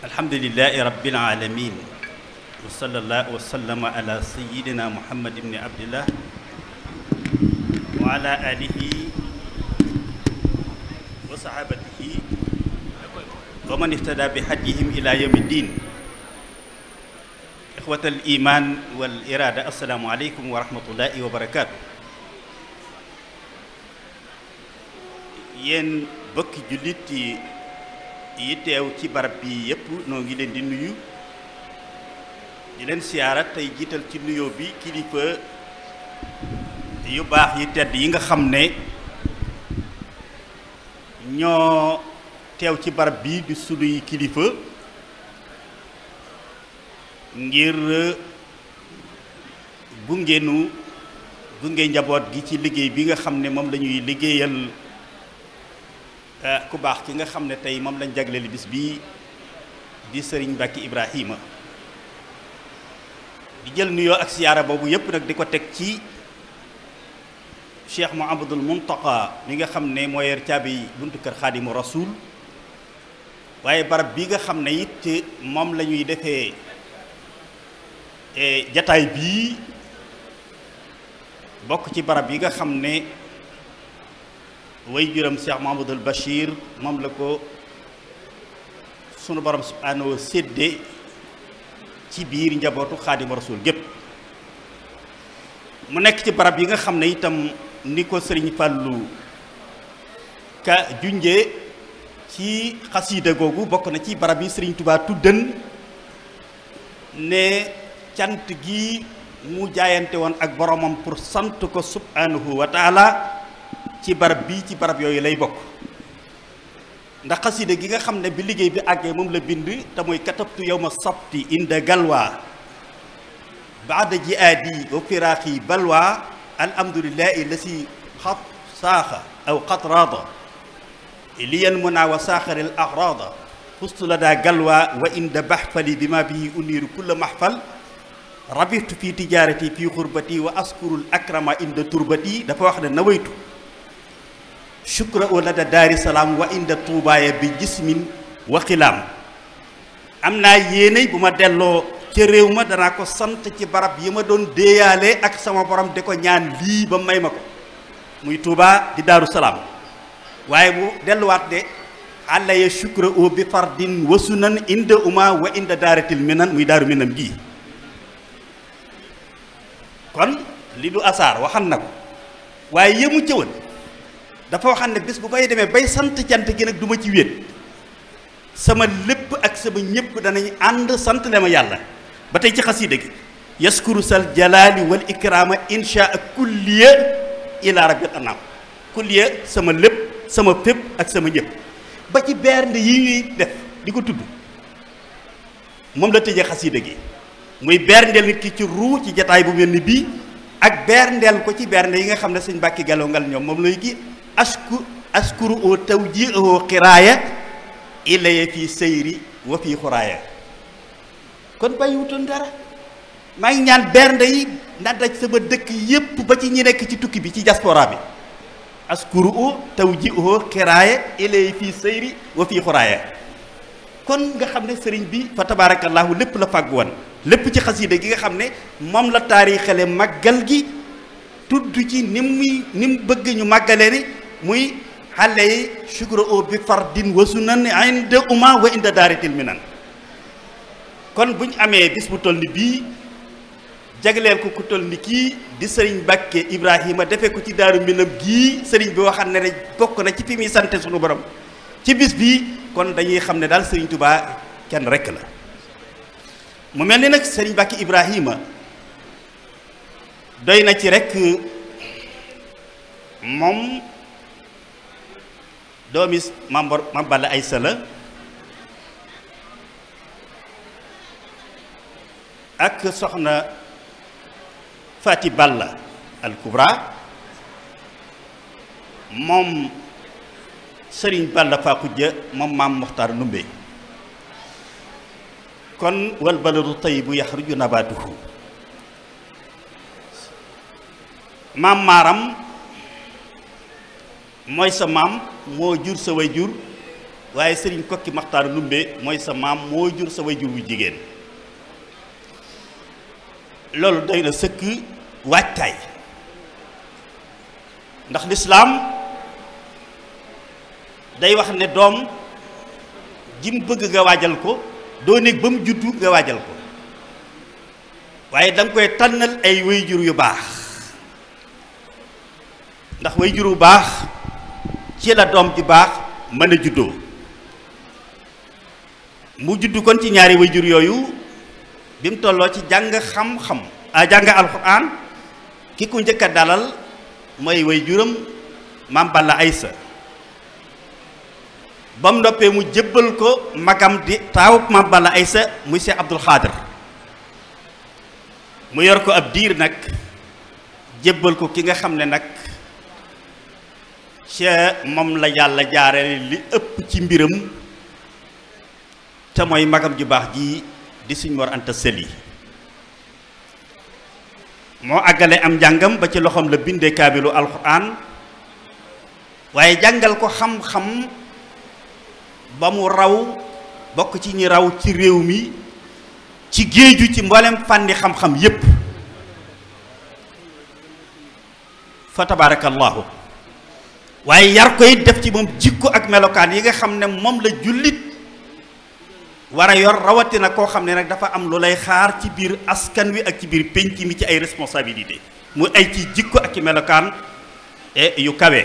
alhamdulilahi rabbil alamin wa sallallahu wa sallama ala sayidina muhammad ibni abdillah wa ala alihi wa sahabatihi wa man ihtada bi hadihim ila yawmi ddin ixwat al iman wal irada assalaamu aleykum wa rahmatullahi wa barakatu yéen bokki jullit yi yi teew ci barab bii yëpp noo ngi leen di nuyu di leen siyaara tey jiital ci nuyoo bi kilifa yu baax yi tedd yi nga xam ne ñoo teew ci barab bii di sunuy kilifa ngir gungeenu gunge njaboot gi ci liggéey bi nga xam ne moom lañuy ñuy liggéeyal Eh, ku baax ki nga xam ne tey moom lañ jagleel bis bii di sëriñ Mbàkke Ibrahima di jël nuyoo ak siyaara boobu yépp nag di ko teg ci Cheikh Mouhamadoul Mountakha mi nga xam ne moo yor caabi buntu kër Xaadimu Rasuul waaye barab bi nga xam ne it moom lañuy ñuy defee eh, jataay bii bokk ci barab yi nga xam ne way juram Cheikh Mahamadoul Bachir moom la ko sunu borom subhaanahu sédde ci biir njabootu xaadima rasul gépp mu nekk ci barab yi nga xam ne itam ni ko sëriñ Fàllu ka junje ci xasiida googu bokk na ci barab yi sëriñ tubaa tuddan ne cant gi mu jaayante woon ak boromam pour sant ko subhaanahu wa ci barab bii ci barab yooyu lay bokk ndax xasida gi nga xam ne bi liggéey bi àggee moom la bind te mooy katabtu yow ma sabti inda galwaa baada ji aadi wa firaaxi balwaa alhamdulillahi la si xat saaxa aw xat raada liyan mu naa wa saaxaril axraada la daa galwaa wa inda baxfali bi ma bihi uniiru kulla maxfal rabixtu fii tijaarati fii xurbati wa askurul akrama inda turbati dafa wax ne nawaytu shukra u lada daari salaam wa inda tuubaaya bi jismin wa xilaam am naa yéenay bu ma delloo ca réew ma danaa ko sant ci barab yi ma doon déeyaale ak sama borom de ko ñaan lii ba may ma ko muy tuubaa di daaru salaam waaye bu delluwaat de àlla ya shukra u bi fardin wa sunan inda uma wa inda daaratil minan muy daaru minam gii kon li du asaar waxan na ko waaye yëmu cëwan dafa waxam ne bis bu bay demee bay sant cant gi nag duma ci wéet sama lépp ak sama ñëpp danañ ànd sant le ma yàlla ba tey ci xasiida gi yaskuru sal jalaali wal ikraama insha kulliya ila rabbil anam kulliya sama lépp sama fépp ak sama ñëpp ba ci bernde yi ñuy def di ko tudd moom la tëjee xasiida gi muy berndeel nit ki ci ruu ci jataay bu mel ni bii ak berndeel ko ci bernde yi nga xam ne sëñ Mbàkke Gallo Ngal ñoom moom lay gi asku askuru oo tawjiihoo xiraaya ilaya fii sëyri wa fii xuraaya kon bàyyiwutoon dara maa ngi ñaan bernde yi nandaj sama dëkk yépp ba ci ñi nekk ci tukki bi ci diaspora bi askuru oo tawjiihoo xiraaya ilaya fii sëyri wa fii xuraaya kon nga xam ne sëriñ bi fa tabaarakallaahu lépp la fàgg woon lépp ci xasiida gi nga xam ne moom la taarixale màggal gi tudd ci ni muy ni mu bëgg ñu màggalee ni muy xale yi sucre o bi fardin wasu nan inda uma wa inda daaritil minan kon buñ amee bis bu toll ni bii jagleel ku ku toll ni kii di sëriñ Bakke Ibrahima defee ko ci daaru minam gii sëriñ bi waxaat ne bokk na ci fi sante sunu borom ci bis bii kon dañuy xam ne daal sëriñ Touba kenn rekk la mu mel ni nag sëriñ Bakke Ibrahima doy na ci rekk moom doomi mam mam balla ay sëla ak soxna Fati Balla al Kubra moom sëriñ Balla Fakujja moom maam Muxtaar Numbe kon wal baladu tayyibu yaxruju nabaatuhu maam maaram mooy sa maam moo jur sa way jur waaye sëriñ kokki maxtaar lumbe mooy sa maam moo jur sa way jur wu jigéen loolu day na sëkk waajtaay ndax lislaam day wax ne doom jim bëgg nga waajal ko doo néeg ba mu juddu nga waajal ko waaye danga koy tànnal ay way jur yu baax ndax way jur baax ci la doom di baax ma a juddoo mu juddu kon ci ñaari jur yooyu bi mu tolloo ci jàng xam-xam a ah, jàng alxuraan ki ku njëkk a dalal mooy wayjuram maam Balla Aysa ba mu noppee mu jébbal ko magam di taawub maam Balla Aysa muy Seex Abdul Xaadir mu yor ko ab diir nag jébbal ko ki nga xam ne nag ca moom la yàlla jaaree li ëpp ci mbiram te mooy magam ju baax ji di suñ Mor Anta Sali moo àggale am njàngam ba ci loxoom la bindee kaabilu alxuraan waaye jàngal ko xam-xam ba mu raw bokk ci ñi raw ci réew mi ci géeju ci mboolem fànni xam-xam yépp fa tabaarakallaahu waaye yar ko def ci moom jikko ak melokaan yi nga xam ne moom la jullit war a yor rawatina koo xam ne nag dafa am lu lay xaar ci biir askan wi ak ci biir pénc mi ci ay responsabilité mu ay ci jikko ak ci melokaan e, yu kawe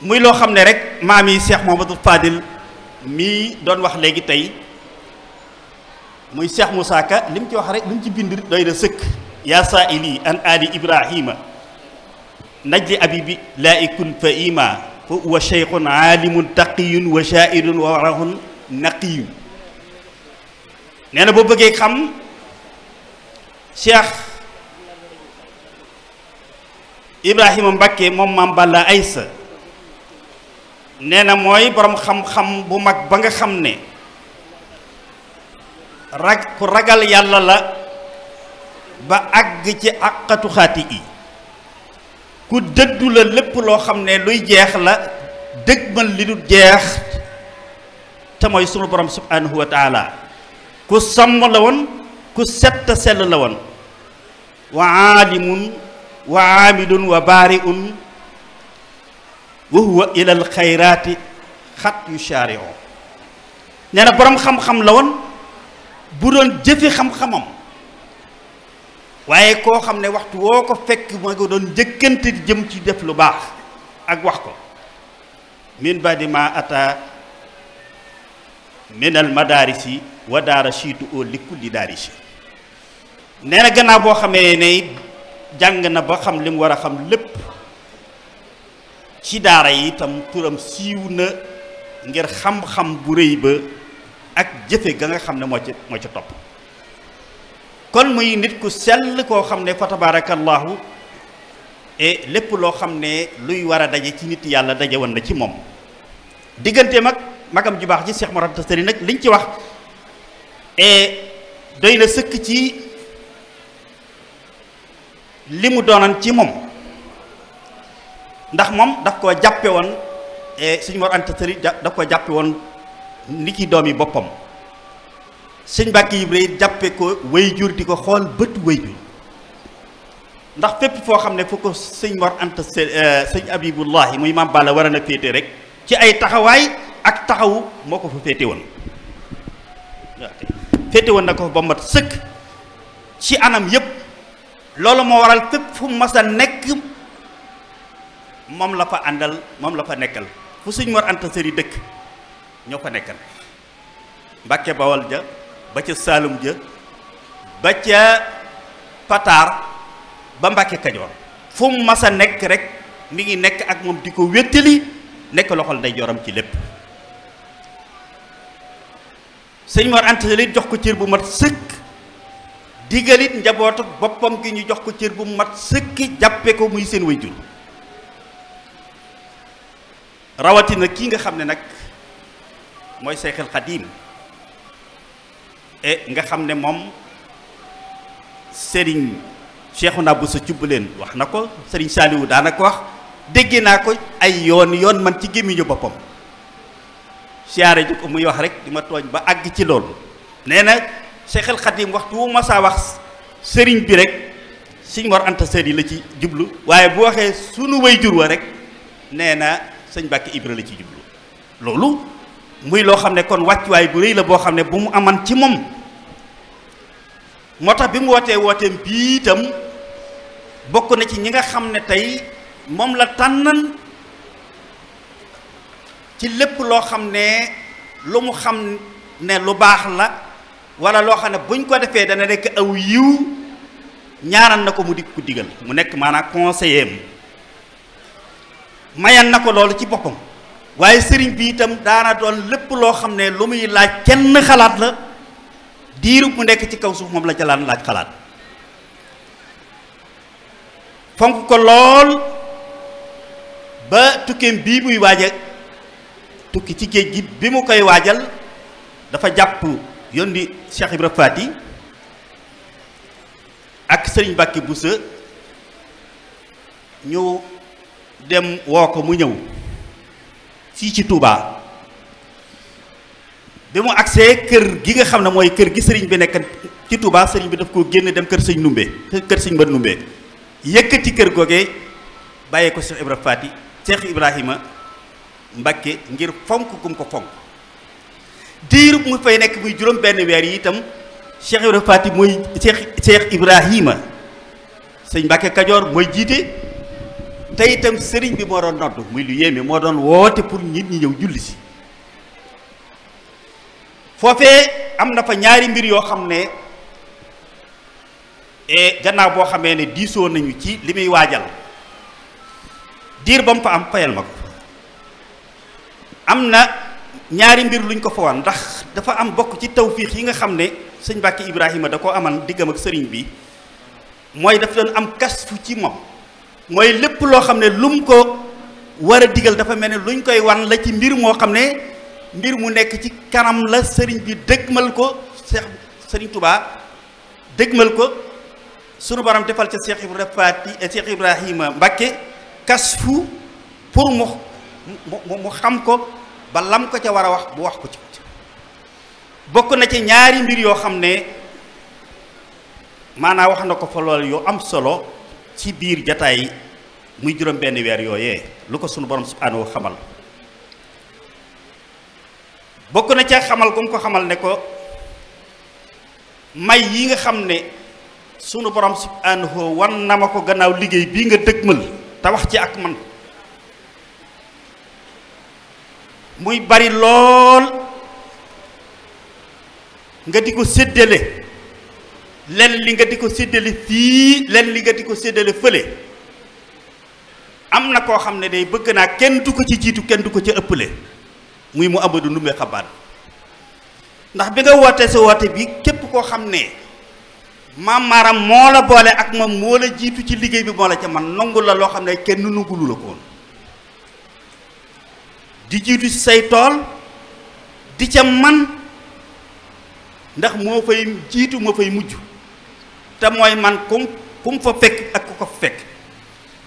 muy loo xam ne rek maam yi Cheikh Mouhamadou Fadil mii doon wax léegi tey muy Cheikh Moussa Ka li mu ci wax rek li mu ci bind doy na sëkk yaa saa ili an ali ibrahima najli abibi laa ikun fa ima fa huwa cheikhun aalimun taqiyun wa shaa'irun wa warahun naqiyun nee na boo bëggee xam cheikh ibrahima mbakke moom maam balla aysa nee na mooy boroom xam-xam bu mag ba nga xam ne rag ku ragal yàlla la ba àgg ci àqatu xaati yi ku dëddu la lépp loo xam ne luy jeex la dëgmal li dul jeex te mooy sunu borom subhanahu wa taala ku sàmm la woon ku set sell la woon wa aalimun wa aamilun wa baariun wa huwa ilal xayraati xat yu shaarion nee na boroom xam-xam la woon bu doon jëfi xam-xamam waaye koo xam ne waxtu woo ko fekk ma ko doon njëkkante jëm ci def lu baax ak wax ko min badi ma ata minal wa daara siitu oo likulli daarisi nee na gannaaw boo xamee ne jàng na ba xam lim war a xam lépp ci daara yi itam turam siiw na ngir xam-xam bu rëy ba ak jëfe ga nga xam ne moo ca moo ca topp kon muy nit ku sell koo xam ne fa tabaarakallaahu e lépp loo xam ne luy war a daje ci nit yàlla daje woon na ci moom diggante mag magam ju baax ji seex Mouhamed Tastari nag liñ ci wax e doy na sëkk ci li mu doonan ci moom ndax moom daf koo jàppe woon e suñu Mor Anta Sëri daf koo jàppe woon ni ki doomi boppam sëñ Mbàkke Ibrahima jàppe ko way jur di ko xool bët way jur ndax fépp foo xam ne fu ko sëñ Mor Anta euh, sëñ Abibullahi muy maam Balla war a na féete rek ci ay taxawaay ak taxawu moo ko fa féete woon féete woon na ko fa ba sëkk ci anam yépp loolu moo waral fépp fu mas nekk moom la fa àndal moom la fa nekkal fu sëñ Mor Anta Sali dëkk ñoo fa nekkal Mbàkke Bawal ja ba ca saalum jë ba ca pataar ba mbàkke kajoor fu mu nekk rek mu ngi nekk ak moom di ko wéttali nekk loxol nday joram ci lépp sëñ Mor Anta jox ko cër bu mat sëkk digalit njabootu boppam gi ñu jox ko cër bu mat sëkki jàppe ko muy seen wayjur rawatina kii nga xam ne nag mooy Seexul Xadiim e nga xam ne moom Serigne Cheikhouna Bousso Thioubène wax na ko Serigne Saliou daanaka wax dégg naa ko ay yoon yoon man ci gémmiñu boppam siyaare ji ko muy wax rek di ma tooñ ba àgg ci loolu nee na Cheikhul Khadim waxtu wu ma saa wax sëriñ bi rek suñ war anta yi la ci jublu waaye bu waxee sunu way jur wa rek nee na sëñ Mbàkke Ibra la ci jublu loolu muy loo xam ne kon wàccuwaay bu rëy la boo xam ne bu mu aman ci moom moo tax bi mu wootee wooteem bii itam bokk na ci ñi nga xam ne tey moom la tànnan ci lépp loo xam ne lu mu xam ne lu baax la wala loo xam ne buñ ko defee dana nekk aw yiw ñaanal na ko mu dikk ko digal mu nekk maanaam conseiller am mayan na ko loolu ci boppam waaye sëriñ bi itam daana doon lépp loo xam ne lu muy laaj kenn xalaat la diiru bu nekk ci kaw suuf moom la jalaan laaj xalaat fonk ko lool ba tukkeem bii muy waaja tukki ci géej gi bi mu koy waajal dafa jàpp yónni Cheikh Ibra Faati ak sëriñ Mbàkke Buso ñu dem woo ko mu ñëw fii ci Touba bi mu agsee kër gi nga xam ne mooy kër gi sëriñ bi nekk ci Touba sëriñ bi daf koo génn dem kër sëñ Numbe kër sëñ Mbad Numbe yëkkati kër googee bàyyee ko Cheikh Ibrahima Fati Cheikh Ibrahima Mbakke ngir fonk gum ko fonk diirub mu fay nekk muy juróom benn weer yi itam Cheikh Ibrahima Fati mooy Cheikh Cheikh sëñ Mbakke Kajoor mooy jiite te itam sëriñ bi moo doon nodd muy lu yéeme moo doon woote pour nit ñi ñëw julli si foofee am na fa ñaari mbir yoo xam ne e, gannaaw boo xamee ne diisoo nañu ci li muy waajal diir ba mu fa am fayal ma ko am na ñaari mbir luñ ko fa wan ndax dafa am bokk ci tawfiix yi nga xam ne sëñ Mbàkke Ibrahima da ko aman diggam ak sëriñ bi mooy daf doon am kasfu ci moom mooy lépp loo xam ne lum ko war a digal dafa mel ni luñ koy wan la ci mbir moo xam ne mbir mu nekk ci kanam la sëriñ bi dëgmal ko Cheikh sëriñ Touba dëgmal ko sunu baram defal ca Cheikh eh, Ibrahima Fati Cheikh Ibrahima Mbacke kasfu pour mu mu mu xam ko ba lam ko ca war a wax bu wax ko ci bokk na ci ñaari mbir yoo xam ne maanaa wax na ko fa lool yu am solo. ci biir jataay muy juróom benn weer yooyee lu ko sunu borom subhaanahu xamal bokk na ca xamal gu mu ko xamal ne ko may yi nga xam ne sunu borom subhaanahu wan na ma ko gannaaw liggéey bii nga dëgmal te wax ci ak man muy bari lool nga di ko séddale lenn li nga di ko séddale fii lenn li nga di ko séddale fële am na koo xam ne day bëgg naa kenn du ko ci jiitu kenn du ko ci ëppale muy mu Amadou Ndumbe Xabaan ndax bi nga wootee sa woote bi képp koo xam ne maam maaram moo la boole ak moom moo la jiitu ci liggéey bi moo la ca man nangu la loo xam ne kenn nungulu la ko di jiitu ci say tool di ca man ndax moo fay jiitu moo fay mujj te mooy man kum kum fa fekk ak ku ko fekk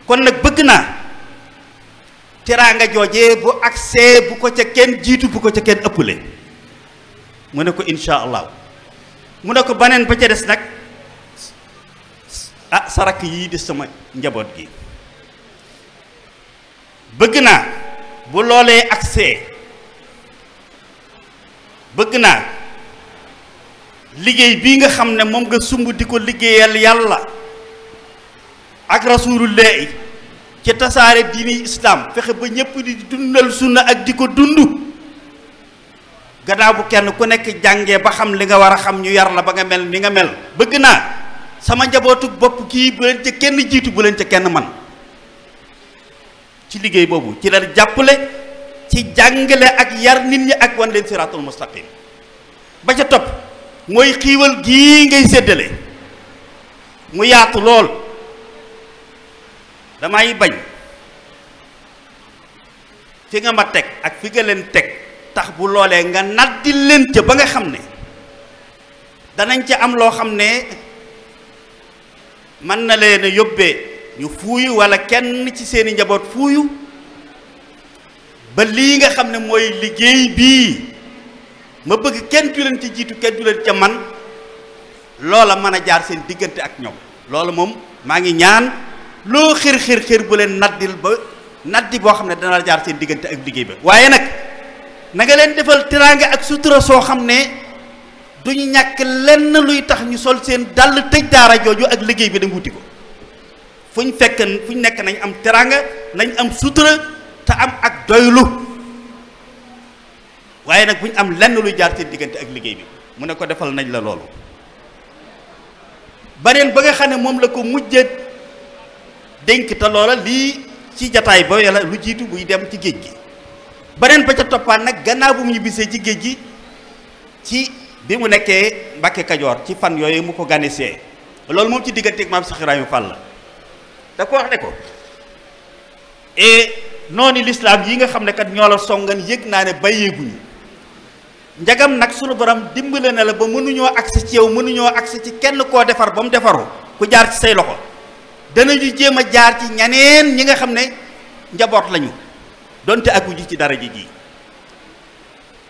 kon nag bëgg naa teraanga joojee bu agsee bu ko ca kenn jiitu bu ko ca kenn ëppale mu ne ko insha mu ne ko beneen ba ca des nag ah sarak yi di sama njaboot gi bëgg naa bu loolee agsee bëgg naa liggéey bii nga xam ne moom nga sumb di ko liggéeyal yàlla ak rasulullahi ci tasaare diini islaam fexe ba ñépp di dundal sunna ak di ko dund gannaaw bu kenn ku nekk jànge ba xam li nga war a xam ñu yar la ba nga mel ni nga mel bëgg naa sama njabootu bopp kii bu leen ca kenn jiitu bu leen ca kenn man ci liggéey boobu ci la jàppale ci jàngale ak yar nit ñi ak wan leen siraatul mustaqim ba ca topp mooy xiiwal gii ngay séddale mu yaatu lool damay bañ fi nga ma teg ak fi nga leen teg tax bu loolee nga naddi leen ca ba nga xam ne danañ ca am loo xam ne mën na leen a yóbbee ñu fuuyu walla kenn ci seeni njaboot fuuyu ba lii nga xam ne mooy liggéey bii ma bëgg kenn du leen ci jiitu kenn du leen ca man loola mën a jaar seen diggante ak ñoom loola moom maa ngi ñaan loo xir xir xir bu leen naddil ba naddi boo xam ne dana jaar seen diggante ak liggéey ba waaye nag na nga leen defal teraanga ak sutura soo xam ne duñu ñàkk lenn luy tax ñu sol seen dàll tëj daara jooju ak liggéey bi da wuti ko fu ñu fekk fu ñu nekk nañ am teraanga nañ am sutura te am ak doylu waaye nag bu ñu am lenn luy jaar seen diggante ak liggéey bi mu ne ko defal nañ la loolu baneen ba nga xam ne moom la ko mujjee dénk te loola lii ci jataay ba yàlla lu jiitu buy dem ci géej gi baneen ba ca toppaat nag gannaaw bu ñibbisee ci géej gi ci bi mu nekkee Mbàkke Kajoor ci fan yooyu mu ko ganisee loolu moom ci digganteeg maam Cheikh Ibrahima fan la da ko wax ne ko e noonu lislaam yi nga xam ne kat ñoo la songan yëg naa ne bàyyeeguñu njagam nag sunu borom dimbale na la ba mënuñoo agsi ci yow mënuñoo agsi ci kenn koo defar ba mu defaru ku jaar ci say loxo danañu jéem a jaar ci ñaneen ñi nga xam ne njaboot lañu donte ak ji ci dara ji ji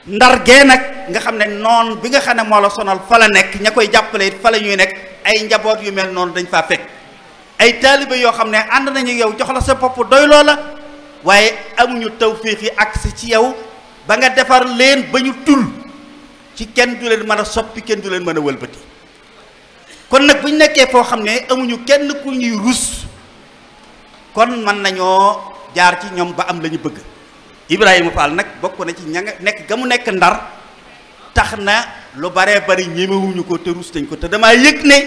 ndar gee nag nga xam ne noon bi nga xam ne moo la sonal fa la nekk ña koy jàppale it fa la nekk ay njaboot yu mel noonu dañ faa fekk ay taalibe yoo xam ne ànd nañu yow jox la sa popp doy loo la waaye amuñu tawféex yi agsi ci yow ba nga defar leen ba ñu tul ci kenn du leen mën a soppi kenn du leen mën a walbati kon nag bu ñu nekkee foo xam ne amuñu kenn ku ñuy rus kon mën nañoo jaar ci ñoom ba am la ñu bëgg Ibrahima Fall nag bokk na ci ña nekk ga mu nekk ndar tax na lu baree bari ñemewuñu ko te rus nañ ko te damaa yëg ne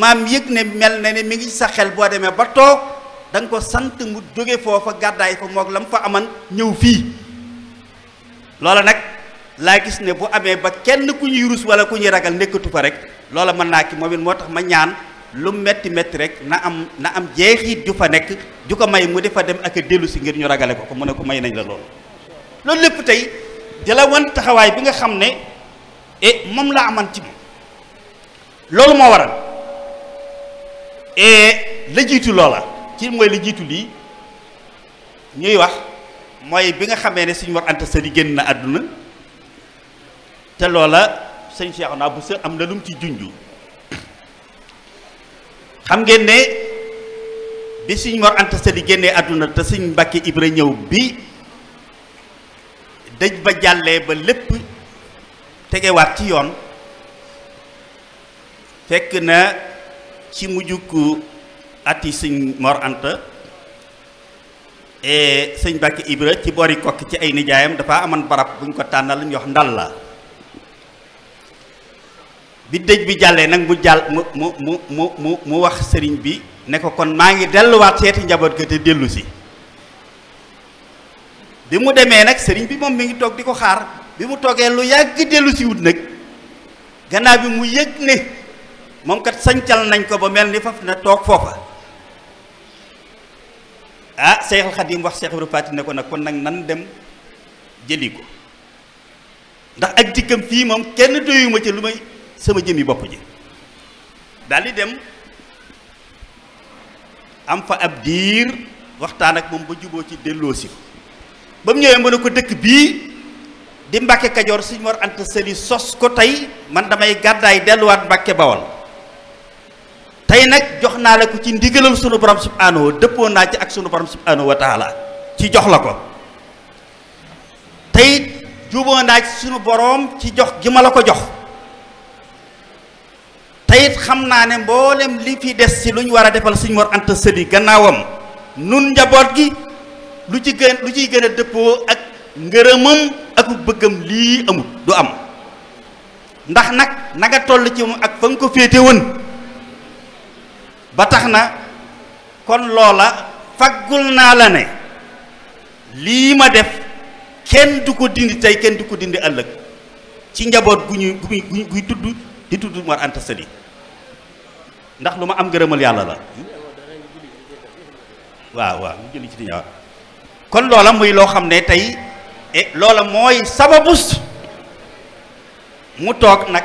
am yëg ne mel na ne mi ngi sa xel boo demee ba toog danga ko sant mu jóge foofa gàddaay fa moog la mu fa aman ñëw fii loola nag laa gis ne bu amee ba kenn ku ñuy rus wala ku ñuy ragal nekkatu fa rek loola mën naa ki moom moo tax ma ñaan lu metti metti rek na am na am jeexit ju fa nekk ju ko may mu defa dem ak dellu si ngir ñu ragale ko ko mu ne ko may nañ la loolu loolu lépp tey di la taxawaay bi nga xam ne e moom la aman ci moom loolu moo waral eh, la jiitu loola ci mooy li jiitu lii ñuy wax mooy bi nga xamee ne suñu war anta sëri génn na àdduna te loola sëñ Cheikh naa bu sa am na lu mu ci junju xam ngeen bi suñ Mor Anta Sali génnee àdduna te suñ Mbàkke ibre ñëw bi dëj ba jàllee ba lépp tegewaat ci yoon fekk na ci mujjug ati sëñ Mor Anta e sëñ Bàkke Ibra ci boori kokki ci ay nijaayam dafa aman barab buñ ko tànnal ñu wax ndal la bi dëj bi jàllee nag mu jàll mu mu mu mu mu mu wax sëriñ bi ne ko kon maa ngi delluwaat seeti njaboot ga te bi mu demee nag sëriñ bi moom mu ngi toog di ko xaar bi mu toogee lu yàgg dellu si wut nag gannaaw bi mu yëg ne moom kat sañcal nañ ko ba mel ni faf ne toog foofa ah Seexul Xadiim wax Seex Ibra ne ko nag kon nag nan dem jëli ko ndax ak dikkam fii moom kenn doyuma ci lu may sama jëmmi bopp ji daal di dem am fa ab diir waxtaan ak moom ba juboo ci delloosi ko ba mu ñëwee mu ne ko dëkk bii di Mbàkke Kajoor siñ Mor Anta Sali sos ko tey man damay gàddaay delluwaat Mbàkke Bawol tey nag jox naa la ko ci ndigalal sunu borom subhaanahu dëppoo naa ci ak sunu borom subhaanahu wa taala ci jox la ko tey juboo naa sunu boroom ci jox gi ma la ko jox teyit xam naa ne mboolem li fi des ci lu ñu war a defal suñ Mor Anta Sali gannaawam nun njaboot gi lu ci gën lu ci gën a dëppoo ak ngërëmam aku bëggam lii amut du am ndax nag na nga toll ci moom ak fa nga ko féete woon ba tax na kon loola faggul naa la ne lii ma def kenn du ko dindi tey kenn du ko dindi ëllëg ci njaboot gu ñuy gu guy tudd di tudd Mor Anta Sali ndax lu ma am gërëmal yàlla la waaw kon loola muy loo xam ne tey eh, loola mooy sababus mu toog nag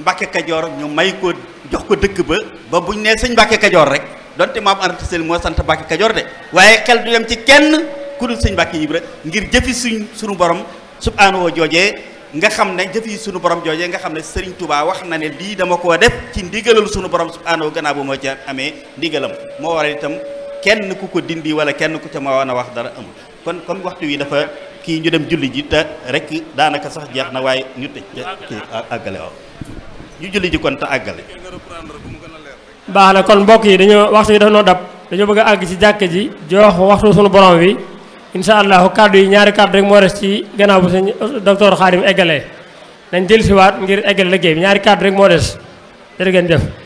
Mbàkke Kajoor ñu may ko jox ko dëkk ba ba buñ nee sëñ Mbàkke Kajoor rek donte maam Anta Sali moo sant Mbàkke Kajoor de waaye xel du dem ci kenn ku dul sëñ Mbàkke Ibra ngir jëfi suñ suñu borom subhaanahu wa joojee nga xam ne jëf yi suñu borom joojee nga xam ne Serigne Touba wax na ne lii dama koo def ci ndigalal suñu borom subhaanahu gannaaw bu ma ca amee ndigalam moo waral itam kenn ku ko dindi wala kenn ku ca moo woon a wax dara am kon kon waxtu wi dafa kii ñu dem julli ji te rek daanaka sax jeex na waaye ñu tëj ñu julli ji kon te baax na kon mbokk yi dañoo waxtu yi dafa noo dab dañoo bëgg a àgg ci jàkk ji jox waxtu sunu borom bi insha allahu kàddu yi ñaari kàddu rek moo des ci gannaaw bu sëñ docteur Xaadim eggalee nañ dellusiwaat ngir eggale liggéey bi ñaari kàddu rek moo des jërë ngeen jëf